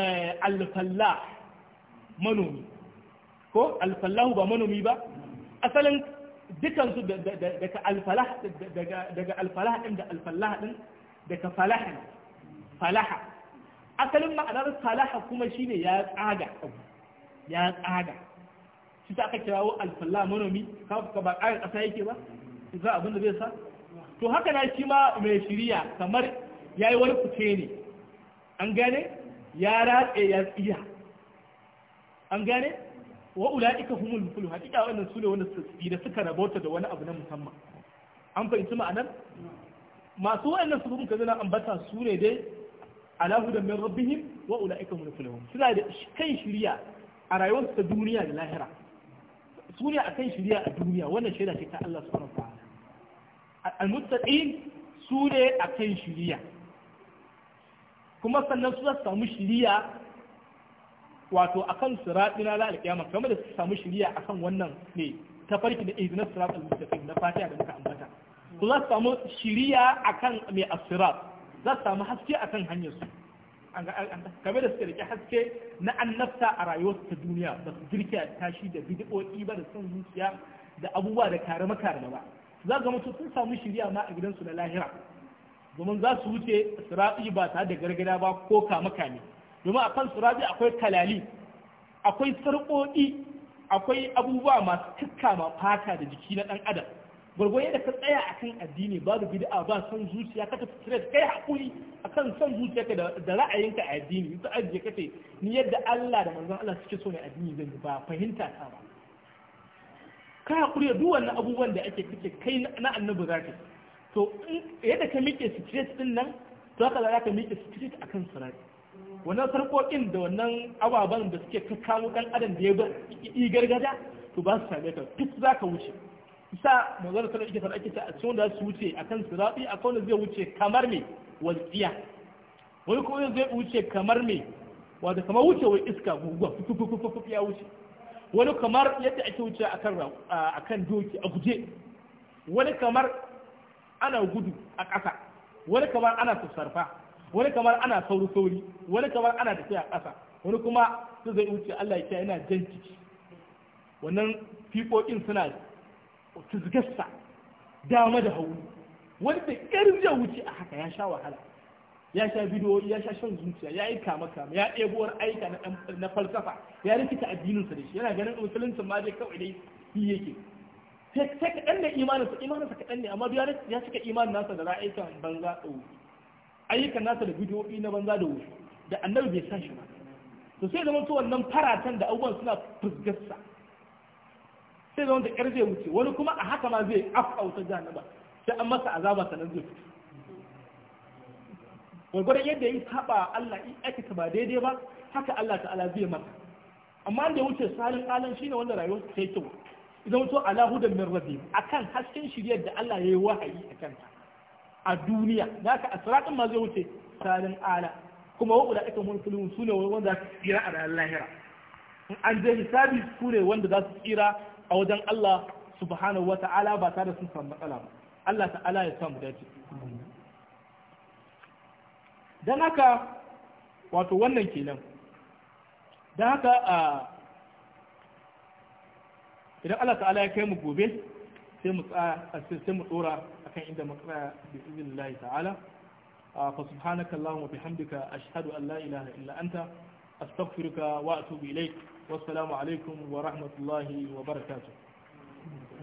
eh, alfallah manomi ko alfallahu ba manomi ba asalin dukansu daga alfalah daga alfalah ɗin da alfalah din daga falahin falaha asalin ma'anar falaha kuma shi ne ya tsaga ya tsaga shi ta aka kirawo alfallah manomi ka ba ƙarin ƙasa yake ba za abin da zai sa to haka na shi ma mai shirya kamar ya yi wani fice ne an gane ya ratse ya tsiya an gane wa ula'ika humul mufulu hakika wannan su ne wanda da suka rabota da wani abu na musamman an fahimci ma'anar masu wa'annan su kuma kazana ambata su ne dai alahu da min rabbihim wa ula'ika humul mufulu suna da kan shirya a rayuwarsu ta duniya da lahira su ne akan shirya a duniya wannan shaida ce ta Allah subhanahu wa ta'ala al-muttaqin su ne akan shirya kuma sannan su za samu shiriya wato akan sirati na a alkiyama kamar da su samu shiriya akan wannan ne ta farki da izinin da mustaqim na fatiya da muka ambata su za su samu shiriya akan mai asirat za su samu haske akan hanyar su kamar da suka rike haske na annabta a rayuwarsu ta duniya ba su girka tashi da bidiyoyi ba da son zuciya da abubuwa da karama-karama ba za ga mutu sun samu shiriya ma a gidansu na lahira domin za su wuce sirafi ba tare da gargada ba ko kama kame domin a kan sirafi akwai kalali akwai sarƙoƙi akwai abubuwa masu kakkama fata da jiki na ɗan adam gwargwar yadda ka tsaya a kan addini ba da bid'a ba son zuciya ka tafi straight kai a kan son ka da ra'ayinka a addini ta ajiye ce ni yadda Allah da manzon Allah suke so ne addini zan ba fahimta ta ba ka haƙuri da duk wannan abubuwan da ake kike kai na annabi zaka to yadda ka miƙe street din nan to ka za ka miƙe street kan sarari wannan sarƙoƙin da wannan ababen da suke kakkano ɗan adam da ya yi gargada to ba su same ka duk za ka wuce isa manzon sanar alaihi wasallam yake ta a cikin da su wuce a kan sarari? A wanda zai wuce kamar me walƙiya Wani kuma zai wuce kamar me wanda kamar wuce wai iska guguwa fufufufuf ya wuce wani kamar yadda ake wuce a kan doki a guje wani kamar ana gudu a ƙasa wani kamar ana sassarfa wani kamar ana sauri sauri wani kamar ana tafiya a ƙasa wani kuma su zai wuce Allah ya yana jan ciki wannan fiƙoƙin suna tuzgarsa dama da hauli wani da irin zai wuce a haka ya sha wahala ya sha bidiyoyi ya sha shan zuciya ya yi kama kama ya ɗebo aika na falsafa ya rikita addininsa da shi yana ganin musulunci ma dai kawai dai yi. yake sai sai kaɗan ne imaninsa imaninsa kaɗan ne amma ya cika imanin nasa da ra'ayyukan banza da wuce ayyukan nasa da bidiyoyi na banza da wuce da annabi bai san shi ba to sai zama to wannan faratan da abubuwan suna fusgarsa sai zama da ƙyar zai wuce wani kuma a haka ma zai afauta jahannama sai an masa azaba sanan zai fito gwagwaran yadda ya saba Allah in aikata ba daidai ba haka Allah ta'ala zai maka amma da wuce salin alan shine wanda rayuwarsa ta yi kyau zauto ala hudan min rabbi akan hasken shiryar da Allah yayi wahayi a ta a duniya naka asratin ma zai wuce salin ala kuma wa ula aka mun mulkulun sune wanda za su tsira a ranar lahira an je hisabi sune wanda za su tsira a wajen Allah subhanahu wata'ala ba tare sun samu matsala ba Allah ta'ala ya samu dace dan haka wato wannan kenan dan haka a ah, idan Allah ta'ala ya kai mu gobe sai mu sai mu tsora akan inda mu tsaya bi iznillahi ta'ala fa subhanaka allahumma bihamdika ashhadu an la ilaha illa anta astaghfiruka wa atubu ilayk wassalamu alaikum wa rahmatullahi wa barakatuh